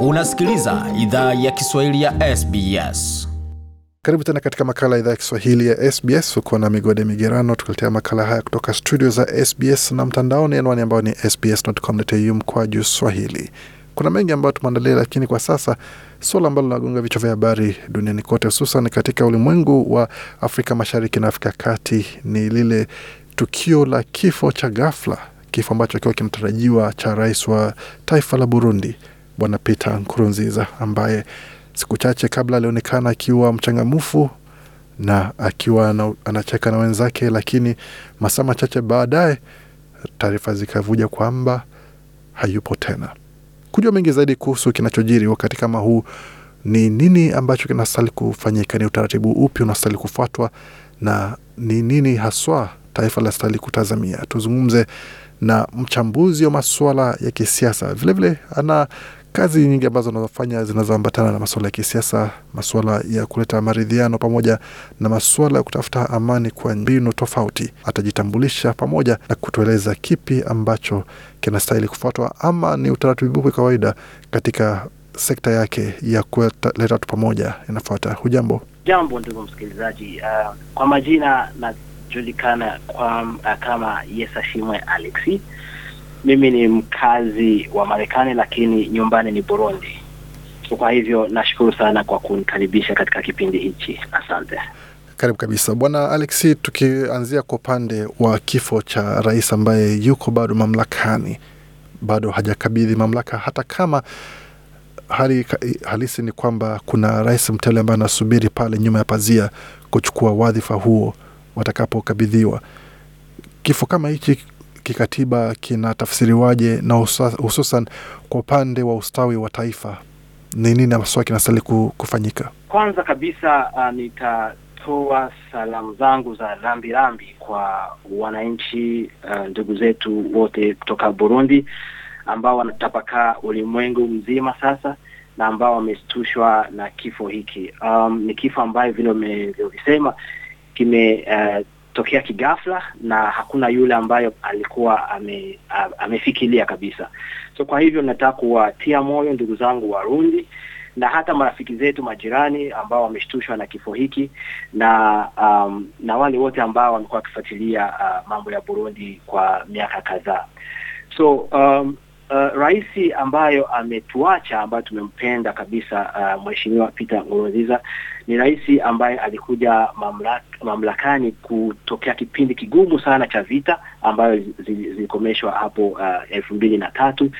Unasikiliza idhaa ya Kiswahili ya SBS. Karibu tena katika makala ya idhaa ya Kiswahili ya SBS. Uko na Migode Migerano tukuletea makala haya kutoka studio za SBS na mtandaoni, anwani ambayo ni sbs.com.au juu swahili. Kuna mengi ambayo tumeandalia, lakini kwa sasa suala ambalo linagonga vichwa vya habari duniani kote, hususan katika ulimwengu wa Afrika Mashariki na Afrika Kati ni lile tukio la kifo cha ghafla, kifo ambacho kiwa kinatarajiwa cha rais wa taifa la Burundi Bwana Peter Nkurunziza ambaye siku chache kabla alionekana akiwa mchangamfu na akiwa na, anacheka na wenzake, lakini masaa machache baadaye taarifa zikavuja kwamba hayupo tena. Kujua mengi zaidi kuhusu kinachojiri wakati kama huu, ni nini ambacho kinastahili kufanyika, ni utaratibu upi unastahili kufuatwa, na ni nini haswa taifa linastahili kutazamia, tuzungumze na mchambuzi wa masuala ya kisiasa vilevile ana kazi nyingi ambazo anazofanya zinazoambatana na masuala ya kisiasa, masuala ya kuleta maridhiano, pamoja na masuala ya kutafuta amani kwa mbinu tofauti. Atajitambulisha pamoja na kutueleza kipi ambacho kinastahili kufuatwa ama ni utaratibu wa kawaida katika sekta yake ya kuleta watu pamoja inafuata. Hujambo, jambo ndugu msikilizaji. Uh, kwa majina najulikana kwa, uh, kama Yesa Shimwe Alexi mimi ni mkazi wa Marekani lakini nyumbani ni Burundi. Kwa hivyo nashukuru sana kwa kunikaribisha katika kipindi hichi, asante. Karibu kabisa Bwana Alex. tukianzia kwa upande wa kifo cha rais ambaye yuko bado mamlakani, bado hajakabidhi mamlaka, hata kama hali halisi ni kwamba kuna rais mteule ambaye anasubiri pale nyuma ya pazia kuchukua wadhifa huo watakapokabidhiwa. Kifo kama hichi kikatiba kinatafsiriwaje na hususan kwa upande wa ustawi wa taifa? Ni nini haswa kinastahili kufanyika? Kwanza kabisa uh, nitatoa salamu zangu za rambirambi rambi kwa wananchi uh, ndugu zetu wote kutoka Burundi ambao wanatapakaa ulimwengu mzima sasa na ambao wameshtushwa na kifo hiki. Um, ni kifo ambayo vile umevyovisema kime uh, tokea kighafla na hakuna yule ambayo alikuwa ame, amefikilia kabisa. So kwa hivyo nataka kuwatia moyo ndugu zangu Warundi na hata marafiki zetu majirani ambao wameshtushwa na kifo hiki na um, na wale wote ambao wamekuwa wakifuatilia uh, mambo ya Burundi kwa miaka kadhaa. So um, uh, raisi ambayo ametuacha ambayo tumempenda kabisa uh, Mheshimiwa Peter Nkurunziza ni rais ambaye alikuja mamlaka, mamlakani kutokea kipindi kigumu sana cha vita ambayo zilikomeshwa hapo uh, elfu mbili na tatu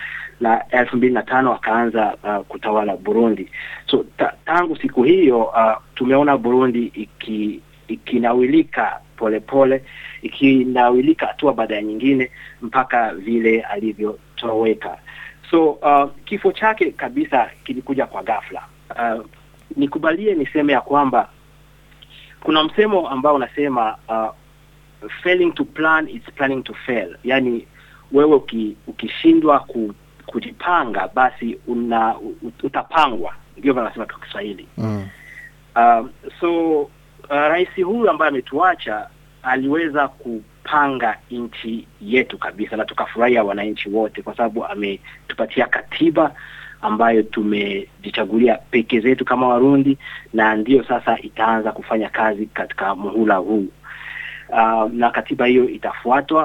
na elfu mbili na tano akaanza uh, kutawala Burundi. So ta, tangu siku hiyo uh, tumeona Burundi iki, ikinawilika polepole ikinawilika hatua baada ya nyingine mpaka vile alivyotoweka. So uh, kifo chake kabisa kilikuja kwa ghafla. Uh, nikubalie niseme ya kwamba kuna msemo ambao unasema uh, failing to plan is planning to fail, yani wewe uki, ukishindwa ku, kujipanga basi una utapangwa, ndio wanasema kwa Kiswahili mm. Uh, so uh, rais huyu ambaye ametuacha aliweza kupanga nchi yetu kabisa, na tukafurahia wananchi wote, kwa sababu ametupatia katiba ambayo tumejichagulia peke zetu kama Warundi, na ndiyo sasa itaanza kufanya kazi katika muhula huu. Uh, na katiba hiyo itafuatwa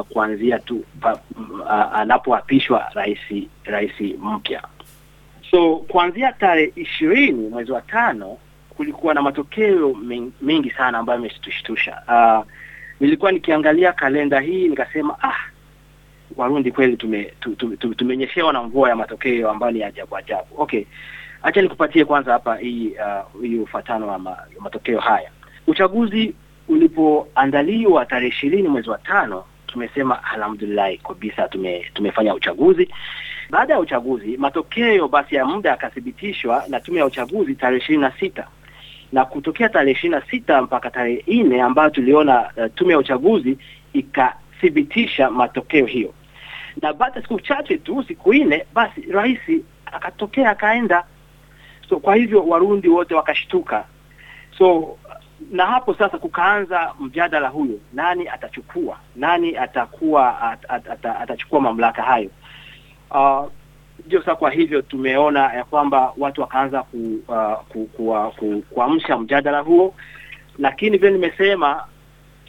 uh, kuanzia tu uh, anapoapishwa rais rais mpya. So kuanzia tarehe ishirini mwezi wa tano kulikuwa na matokeo mengi sana ambayo yametushtusha. Uh, nilikuwa nikiangalia kalenda hii nikasema, ah Warundi kweli tumenyeshewa tume, tume, tume, tume na mvua ya matokeo ambayo ni ajabu ajabu. Okay, acha nikupatie kwanza hapa hii uh, hii uh, ufatano wa ma, matokeo haya. Uchaguzi ulipoandaliwa tarehe ishirini mwezi wa tano tumesema alhamdulillah kabisa tume, tumefanya uchaguzi. Baada ya uchaguzi matokeo basi ya muda yakathibitishwa na tume ya uchaguzi tarehe ishirini na sita na kutokea tarehe ishirini na sita mpaka tarehe nne ambayo tuliona uh, tume ya uchaguzi ikathibitisha matokeo hiyo na baada siku chache tu, siku nne, basi rais akatokea akaenda. So kwa hivyo Warundi wote wakashtuka. So na hapo sasa kukaanza mjadala huyo, nani atachukua, nani atakuwa at, at, at, atachukua mamlaka hayo. Uh, ndio sasa kwa hivyo tumeona ya kwamba watu wakaanza kuamsha uh, ku, ku, uh, ku, ku, mjadala huo, lakini vile nimesema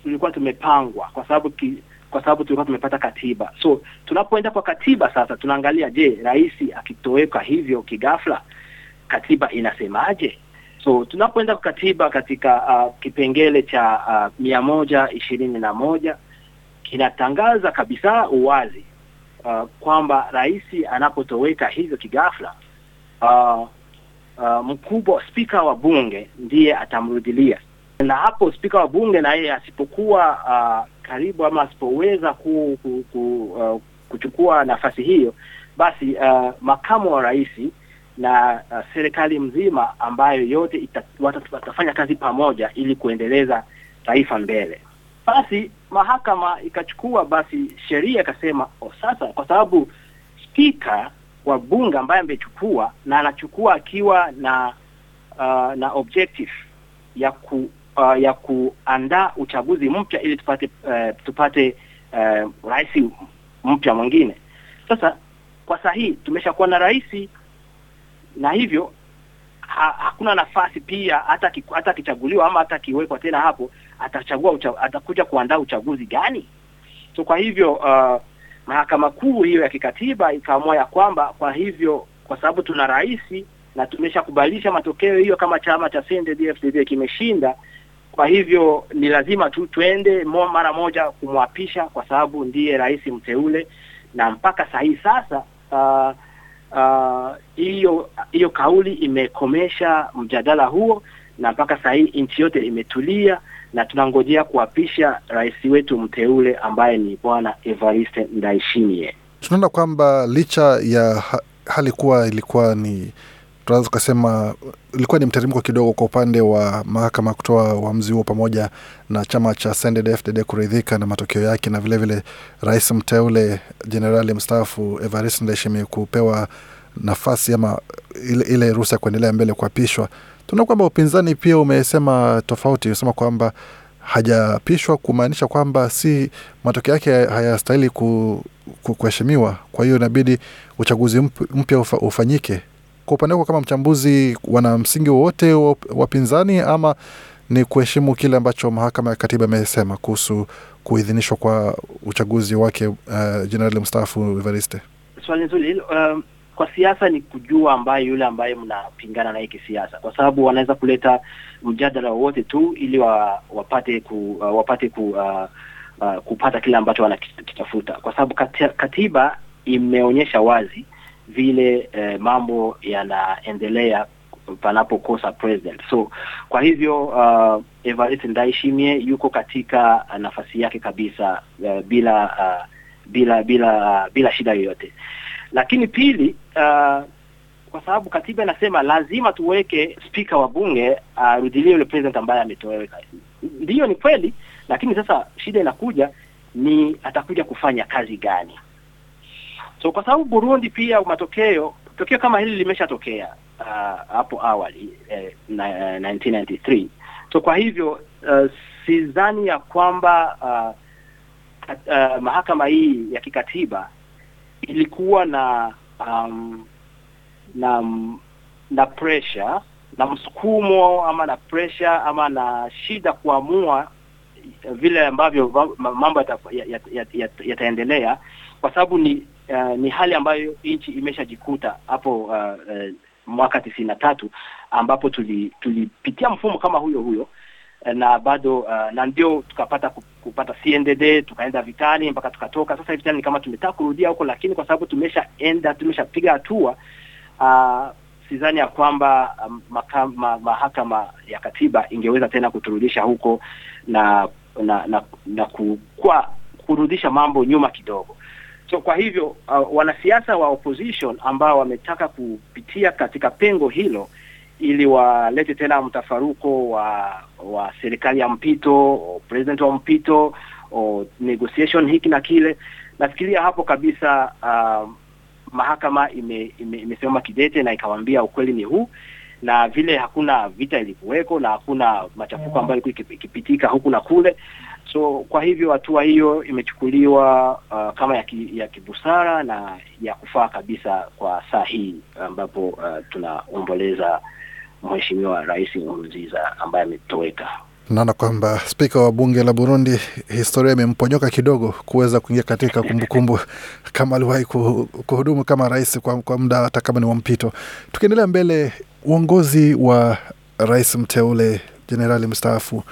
tulikuwa tumepangwa kwa sababu ki, kwa sababu tulikuwa tumepata katiba. So tunapoenda kwa katiba sasa, tunaangalia je, rais akitoweka hivyo kigafla, katiba inasemaje? So tunapoenda kwa katiba katika uh, kipengele cha uh, mia moja ishirini na moja kinatangaza kabisa uwazi uh, kwamba rais anapotoweka hivyo kigafla uh, uh, mkubwa spika wa bunge ndiye atamrudilia na hapo spika wa bunge na yeye asipokuwa uh, karibu ama asipoweza ku, ku, ku, uh, kuchukua nafasi hiyo, basi uh, makamu wa rais na uh, serikali mzima ambayo yote watafanya kazi pamoja ili kuendeleza taifa mbele. Basi mahakama ikachukua basi sheria ikasema, sasa kwa sababu spika wa bunge ambaye amechukua na anachukua akiwa na uh, na objective ya ku uh, ya kuandaa uchaguzi mpya ili tupate uh, tupate uh, rais mpya mwingine. Sasa kwa saa tumeshakuwa na rais na hivyo ha, hakuna nafasi pia, hata hata akichaguliwa ama hata akiwekwa tena hapo, atachagua ucha, atakuja kuandaa uchaguzi gani? So kwa hivyo uh, mahakama kuu hiyo ya kikatiba ikaamua ya kwamba kwa hivyo, kwa sababu tuna rais na tumeshakubalisha matokeo hiyo, kama chama cha CNDD-FDD kimeshinda kwa hivyo ni lazima tu tuende mara moja kumwapisha kwa sababu ndiye rais mteule, na mpaka saa sasa hiyo uh, uh, hiyo uh, kauli imekomesha mjadala huo, na mpaka saa hii nchi yote imetulia na tunangojea kuapisha rais wetu mteule ambaye ni Bwana Evariste ndaishimie Tunaona kwamba licha ya hali kuwa ilikuwa ni tunaweza tukasema ilikuwa ni mteremko kidogo kwa upande wa mahakama kutoa uamzi huo, pamoja na chama cha CNDD-FDD kuridhika na matokeo yake, na vilevile vile rais mteule jenerali mstaafu Evariste Ndayishimiye kupewa nafasi ama ile, ile ruhusa ya kuendelea mbele kuapishwa. Tunaona kwamba upinzani pia umesema tofauti, umesema kwamba hajapishwa kumaanisha kwamba si matokeo yake hayastahili kuheshimiwa, kwa hiyo inabidi uchaguzi mpya ufanyike kwa upande wako kama mchambuzi, wana msingi wowote wapinzani ama ni kuheshimu kile ambacho mahakama ya katiba imesema kuhusu kuidhinishwa kwa uchaguzi wake eh, jenerali uh, mstaafu Evariste? Swali nzuri hilo. Um, kwa siasa ni kujua ambaye yule ambaye mnapingana naye kisiasa, kwa sababu wanaweza kuleta mjadala wowote tu ili wa, wapate ku, uh, wapate ku, uh, uh, kupata kile ambacho wanakitafuta, kwa sababu katiba imeonyesha wazi vile eh, mambo yanaendelea panapokosa president. So kwa hivyo uh, Evariste ndaishimie yuko katika uh, nafasi yake kabisa uh, bila uh, bila bila bila shida yoyote. Lakini pili uh, kwa sababu katiba inasema lazima tuweke spika wa bunge arudilie uh, yule president ambaye ametoweka. Ndiyo, ni kweli, lakini sasa shida inakuja ni atakuja kufanya kazi gani? So kwa sababu Burundi pia matokeo tokeo kama hili limeshatokea uh, hapo uh, awali eh, na, uh, eh, 1993 so kwa hivyo uh, sidhani ya kwamba uh, uh, mahakama hii ya kikatiba ilikuwa na um, na na pressure na msukumo ama na pressure ama na shida kuamua vile ambavyo mambo yataendelea ya, ya, ya, ya kwa sababu ni uh, ni hali ambayo nchi imeshajikuta hapo uh, uh, mwaka tisini na tatu ambapo tulipitia tuli mfumo kama huyo huyo na bado uh, na ndio tukapata kupata CNDD tukaenda vitani mpaka tukatoka. Sasa hivi tena ni kama tumetaka kurudia huko, lakini kwa sababu tumeshaenda tumeshapiga hatua uh, sidhani ya kwamba um, mahakama ma, ma ya katiba ingeweza tena kuturudisha huko na na na, na kurudisha mambo nyuma kidogo. So kwa hivyo uh, wanasiasa wa opposition ambao wametaka kupitia katika pengo hilo ili walete tena mtafaruko wa wa serikali ya mpito, president wa mpito, o negotiation hiki na kile, nafikiria hapo kabisa uh, mahakama ime, ime, imesimama kidete na ikawaambia ukweli ni huu, na vile hakuna vita ilikuweko na hakuna machafuko ambayo ilikuwa ikipitika huku na kule. So kwa hivyo hatua hiyo imechukuliwa uh, kama ya, ki, ya kibusara na ya kufaa kabisa kwa saa hii ambapo uh, tunaomboleza Mheshimiwa Rais Nkurunziza ambaye ametoweka. Naona kwamba spika wa bunge la Burundi, historia imemponyoka kidogo kuweza kuingia katika kumbukumbu -kumbu, kama aliwahi kuhudumu kama rais kwa, kwa muda hata kama ni wa mpito. Tukiendelea mbele, uongozi wa rais mteule jenerali mstaafu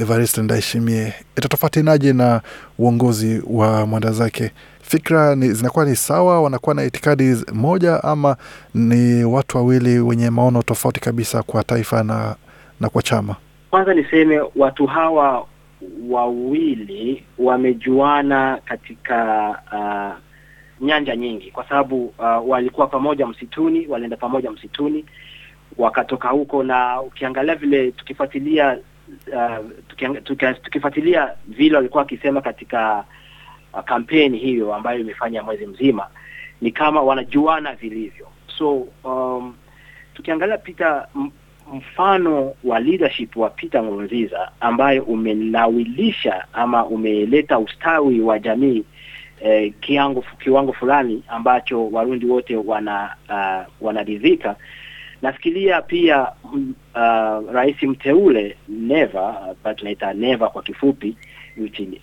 Evariste Ndaishimie itatofautinaje na uongozi wa mwanda zake? Fikra ni, zinakuwa ni sawa, wanakuwa na itikadi moja ama ni watu wawili wenye maono tofauti kabisa kwa taifa na, na kwa chama? Kwanza niseme watu hawa wawili wamejuana katika uh, nyanja nyingi, kwa sababu uh, walikuwa pamoja msituni, walienda pamoja msituni wakatoka huko, na ukiangalia vile tukifuatilia uh, tukifuatilia vile walikuwa wakisema katika uh, kampeni hiyo ambayo imefanya mwezi mzima, ni kama wanajuana vilivyo. So um, tukiangalia pita mfano wa leadership wa pita ngurunziza ambayo umenawilisha ama umeleta ustawi wa jamii eh, kiwango fulani ambacho Warundi wote wana uh, wanaridhika Nafikiria pia mm, uh, rais mteule Neva uh, tunaita Neva kwa kifupi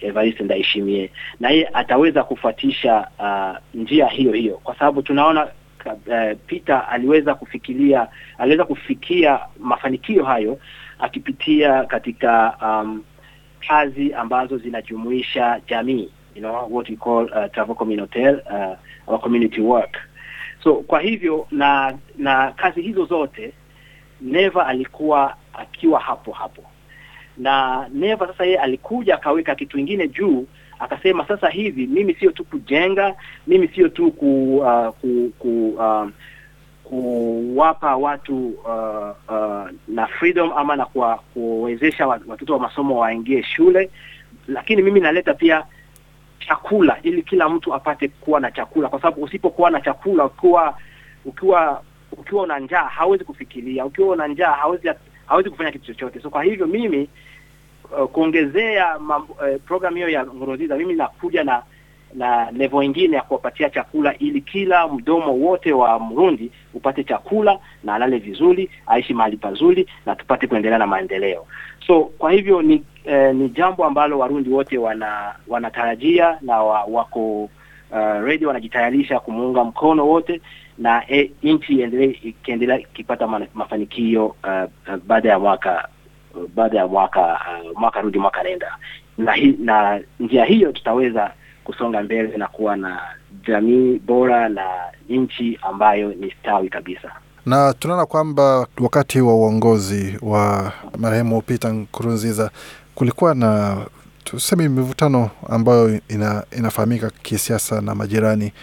Evariste ndaheshimie na yeye ataweza kufuatisha uh, njia hiyo hiyo, kwa sababu tunaona uh, Peter aliweza kufikiria, aliweza kufikia mafanikio hayo akipitia katika um, kazi ambazo zinajumuisha jamii, you know what we call uh, uh, community work So kwa hivyo na na kazi hizo zote Neva alikuwa akiwa hapo hapo, na Neva sasa yeye alikuja akaweka kitu kingine juu, akasema sasa hivi mimi sio tu kujenga, mimi sio tu ku, uh, ku, ku uh, kuwapa watu uh, uh, na freedom ama na kuwezesha watoto wa masomo waingie shule, lakini mimi naleta pia chakula, ili kila mtu apate kuwa na chakula, kwa sababu usipokuwa na chakula, ukiwa ukiwa ukiwa una njaa hawezi kufikiria, ukiwa una njaa hawezi hawezi kufanya kitu chochote. So kwa hivyo mimi uh, kuongezea uh, program hiyo ya Ngoroziza, mimi nakuja na na levo ingine ya kuwapatia chakula ili kila mdomo wote wa Mrundi upate chakula na alale vizuri, aishi mahali pazuri na tupate kuendelea na maendeleo. So kwa hivyo ni eh, ni jambo ambalo Warundi wote wana, wanatarajia na wa, wako uh, ready wanajitayarisha kumuunga mkono wote na e, nchi endelee ikiendelea ikipata mafanikio uh, baada ya mwaka uh, baada ya mwaka uh, mwaka rudi mwaka nenda na, hi, na njia hiyo tutaweza kusonga mbele na kuwa na jamii bora na nchi ambayo ni stawi kabisa na tunaona kwamba wakati wa uongozi wa marehemu Peter Nkurunziza kulikuwa na tuseme mivutano ambayo ina, inafahamika kisiasa na majirani.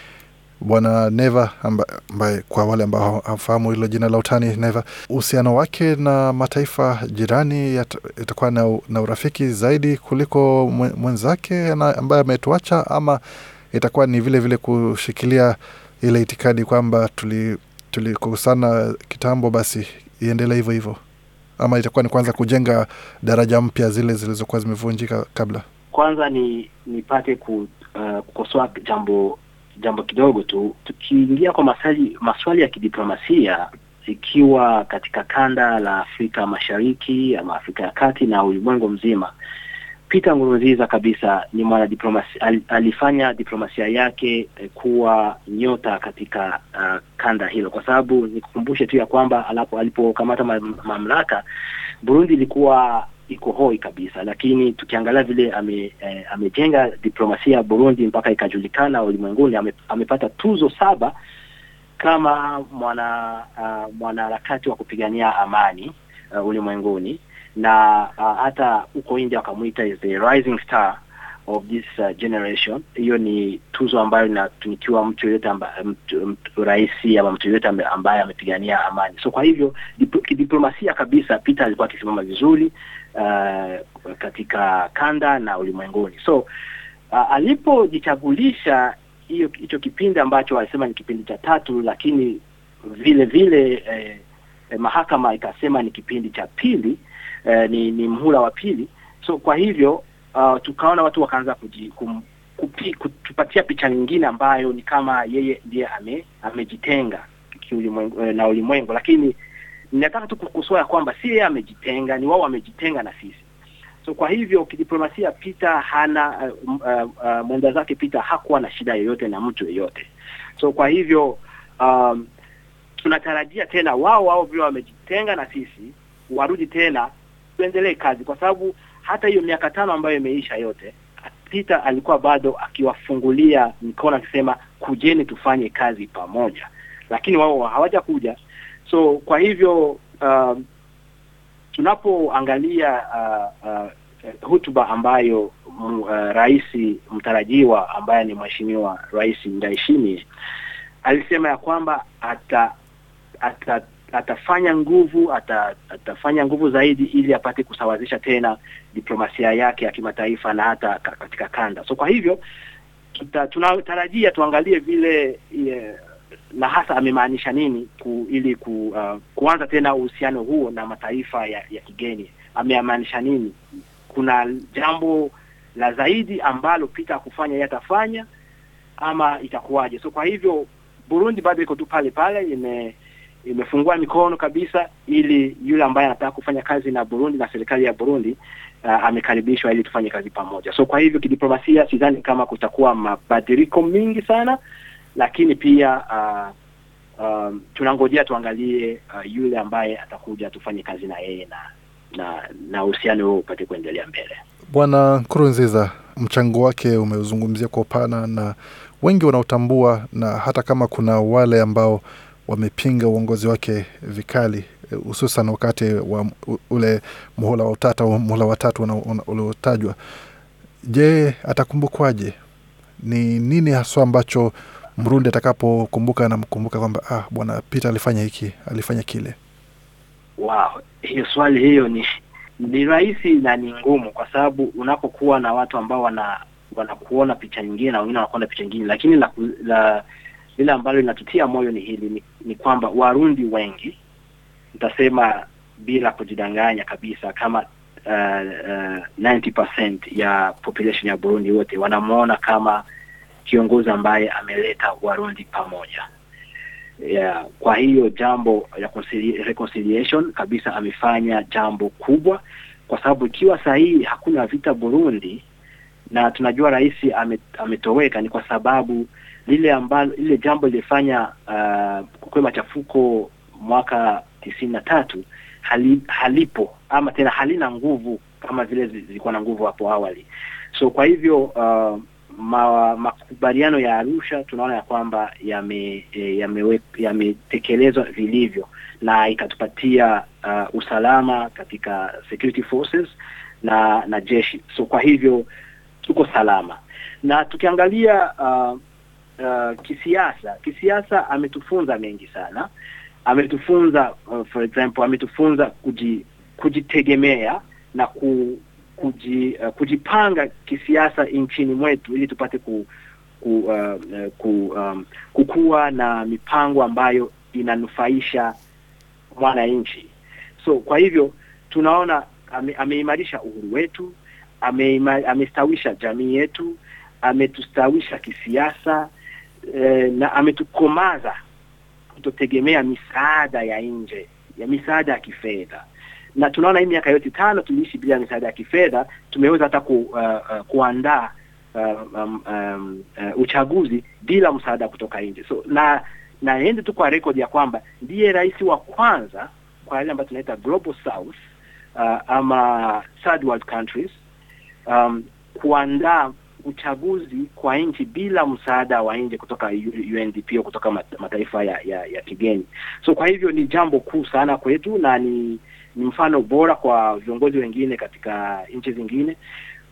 Bwana Neva ambaye kwa wale ambao hafahamu hilo jina la utani Neva, uhusiano wake na mataifa jirani itakuwa na, na urafiki zaidi kuliko mwenzake ambaye ametuacha, ama itakuwa ni vile vile kushikilia ile itikadi kwamba tulikusana tuli kitambo, basi iendelee hivyo hivyo ama itakuwa ni kwanza kujenga daraja mpya zile zilizokuwa zimevunjika kabla? Kwanza ni nipate ku, uh, kukosoa jambo jambo kidogo tu. Tukiingia kwa masali, maswali ya kidiplomasia ikiwa katika kanda la Afrika Mashariki ama Afrika ya Kati na ulimwengu mzima, Peter ngurunziza kabisa ni mwanadiplomasia, al, alifanya diplomasia yake eh, kuwa nyota katika uh, kanda hilo, kwa sababu nikukumbushe tu ya kwamba alipokamata mamlaka Burundi ilikuwa iko hoi kabisa, lakini tukiangalia vile ame, eh, amejenga diplomasia ya Burundi mpaka ikajulikana ulimwenguni, ame, amepata tuzo saba kama mwana uh, mwanaharakati wa kupigania amani uh, ulimwenguni na uh, hata uko huko India wakamwita is the rising star of this uh, generation. Hiyo ni tuzo ambayo inatunikiwa mtu yoyote rais ama mtu yoyote ambaye amepigania amani. So kwa hivyo dip, kidiplomasia kabisa Peter alikuwa akisimama vizuri uh, katika kanda na ulimwenguni. So uh, alipojichagulisha hiyo hicho kipindi ambacho alisema ni kipindi cha tatu, lakini vile vile eh, eh, mahakama ikasema ni kipindi cha pili eh, ni, ni mhula wa pili. So kwa hivyo uh, tukaona watu wakaanza kutupatia picha nyingine ambayo ni kama yeye ndiye ame, amejitenga ulimwengu, eh, na ulimwengu, lakini ninataka tu kukosoa ya kwamba si yeye amejitenga, ni wao wamejitenga na sisi. So kwa hivyo kidiplomasia, pita hana uh, uh, uh, mwenda zake pita hakuwa na shida yoyote na mtu yeyote. So kwa hivyo um, tunatarajia tena wao wao vile wamejitenga na sisi warudi tena tuendelee kazi, kwa sababu hata hiyo miaka tano ambayo imeisha yote, Peter alikuwa bado akiwafungulia mikono akisema, kujeni tufanye kazi pamoja, lakini wao hawajakuja. So kwa hivyo uh, tunapoangalia uh, uh, hutuba ambayo uh, rais mtarajiwa ambaye ni mheshimiwa Rais Ndayishimiye alisema ya kwamba ata, ata atafanya nguvu ata, atafanya nguvu zaidi ili apate kusawazisha tena diplomasia yake ya kimataifa na hata katika kanda. So kwa hivyo tuta, tunatarajia tuangalie vile ye, na hasa amemaanisha nini ku, ili ku, uh, kuanza tena uhusiano huo na mataifa ya, ya kigeni. Amemaanisha nini? Kuna jambo la zaidi ambalo pita kufanya yeye atafanya ama itakuwaje? So kwa hivyo Burundi bado iko tu pale pale ime imefungua mikono kabisa, ili yule ambaye anataka kufanya kazi na Burundi na serikali ya Burundi uh, amekaribishwa ili tufanye kazi pamoja. So kwa hivyo kidiplomasia, sidhani kama kutakuwa mabadiliko mingi sana, lakini pia uh, um, tunangojea tuangalie uh, yule ambaye atakuja tufanye kazi na yeye na na na uhusiano huo upate kuendelea mbele. Bwana kurunziza mchango wake umeuzungumzia kwa upana na wengi wanaotambua, na hata kama kuna wale ambao wamepinga uongozi wake vikali hususan wakati wa ule muhula wa utata muhula wa tatu uliotajwa. Je, atakumbukwaje? Ni nini haswa ambacho Mrundi atakapokumbuka anamkumbuka kwamba ah, bwana Peter alifanya hiki alifanya kile? Wow, hiyo swali hiyo ni ni rahisi na ni ngumu, kwa sababu unapokuwa na watu ambao wana wanakuona picha nyingine na wengine wanakuona picha nyingine, lakini la, la lile ambalo linatutia moyo ni hili ni ni kwamba Warundi wengi nitasema bila kujidanganya kabisa kama uh, uh, 90% ya population ya Burundi wote wanamwona kama kiongozi ambaye ameleta Warundi pamoja. Yeah, kwa hiyo jambo ya reconciliation kabisa amefanya jambo kubwa, kwa sababu ikiwa sahihi hakuna vita Burundi, na tunajua rais ametoweka, ni kwa sababu lile ambalo lile jambo lilifanya uh, kuwe machafuko mwaka tisini na tatu hali, halipo ama tena halina nguvu kama vile zilikuwa na nguvu hapo awali. So kwa hivyo uh, ma, makubaliano ya Arusha tunaona ya kwamba e, yametekelezwa yame, yame vilivyo na ikatupatia uh, usalama katika security forces na na jeshi. So kwa hivyo tuko salama na tukiangalia uh, uh, kisiasa kisiasa ametufunza mengi sana ametufunza uh, for example ametufunza kuji, kujitegemea na ku, kuji, uh, kujipanga kisiasa nchini mwetu ili tupate ku, ku, uh, uh ku, um, kukua na mipango ambayo inanufaisha mwananchi. So kwa hivyo tunaona ame, ameimarisha uhuru wetu, amestawisha ame jamii yetu, ametustawisha kisiasa, Eh, na ametukomaza kutotegemea misaada ya nje ya misaada ya kifedha na tunaona hii miaka yote tano tuliishi bila misaada ya kifedha. Tumeweza hata ku, uh, uh, kuandaa um, um, um uh, uchaguzi bila msaada kutoka nje. So na naende tu kwa rekodi ya kwamba ndiye rais wa kwanza kwa yale ambayo tunaita Global South uh, ama third world countries um, kuandaa uchaguzi kwa nchi bila msaada wa nje kutoka UNDP au kutoka mataifa ya, ya, ya kigeni. So kwa hivyo ni jambo kuu sana kwetu na ni, ni mfano bora kwa viongozi wengine katika nchi zingine.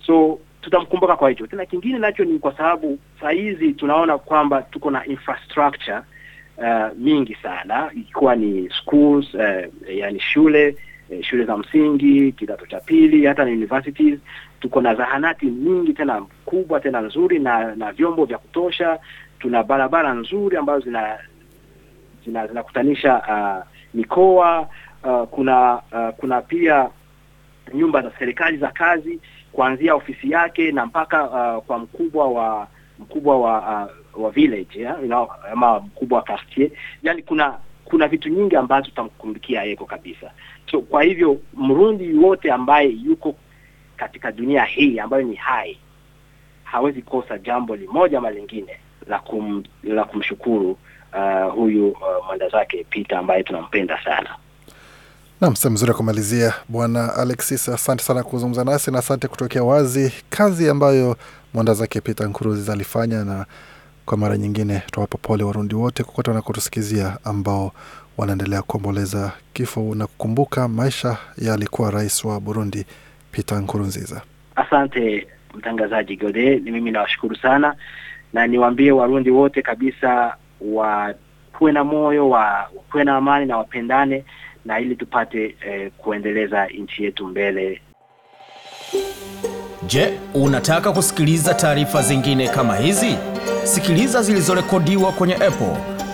So tutamkumbuka kwa hicho. Tena kingine nacho ni kwa sababu saa hizi tunaona kwamba tuko na infrastructure uh, mingi sana ikiwa ni schools uh, yani shule e, shule za msingi, kidato cha pili, hata na universities. Tuko na zahanati nyingi tena kubwa tena nzuri na na vyombo vya kutosha. Tuna barabara nzuri ambazo zina zinakutanisha zina uh, mikoa uh, kuna uh, kuna pia nyumba za serikali za kazi kuanzia ofisi yake na mpaka uh, kwa mkubwa wa mkubwa wa uh, wa village ya, you know, mkubwa wa quartier. Yani kuna kuna vitu nyingi ambazo tutamkumbukia yeko kabisa. So, kwa hivyo Mrundi wote ambaye yuko katika dunia hii ambayo ni hai hawezi kosa jambo limoja ama lingine la kum, la kumshukuru uh, huyu uh, mwenda zake Peter ambaye tunampenda sana. Nam sehe mzuri ya kumalizia, Bwana Alexis, asante sana kuzungumza nasi na asante kutokea wazi kazi ambayo mwenda zake Peter Nkuruziza alifanya, na kwa mara nyingine tunawapa pole Warundi wote kokote wanakotusikizia ambao wanaendelea kuomboleza kifo na kukumbuka maisha ya alikuwa rais wa Burundi Peter Nkurunziza. Asante mtangazaji Gode, ni mimi nawashukuru sana na niwaambie Warundi wote kabisa wakuwe na moyo wa kuwe na amani na wapendane, na ili tupate eh, kuendeleza nchi yetu mbele. Je, unataka kusikiliza taarifa zingine kama hizi? Sikiliza zilizorekodiwa kwenye Apple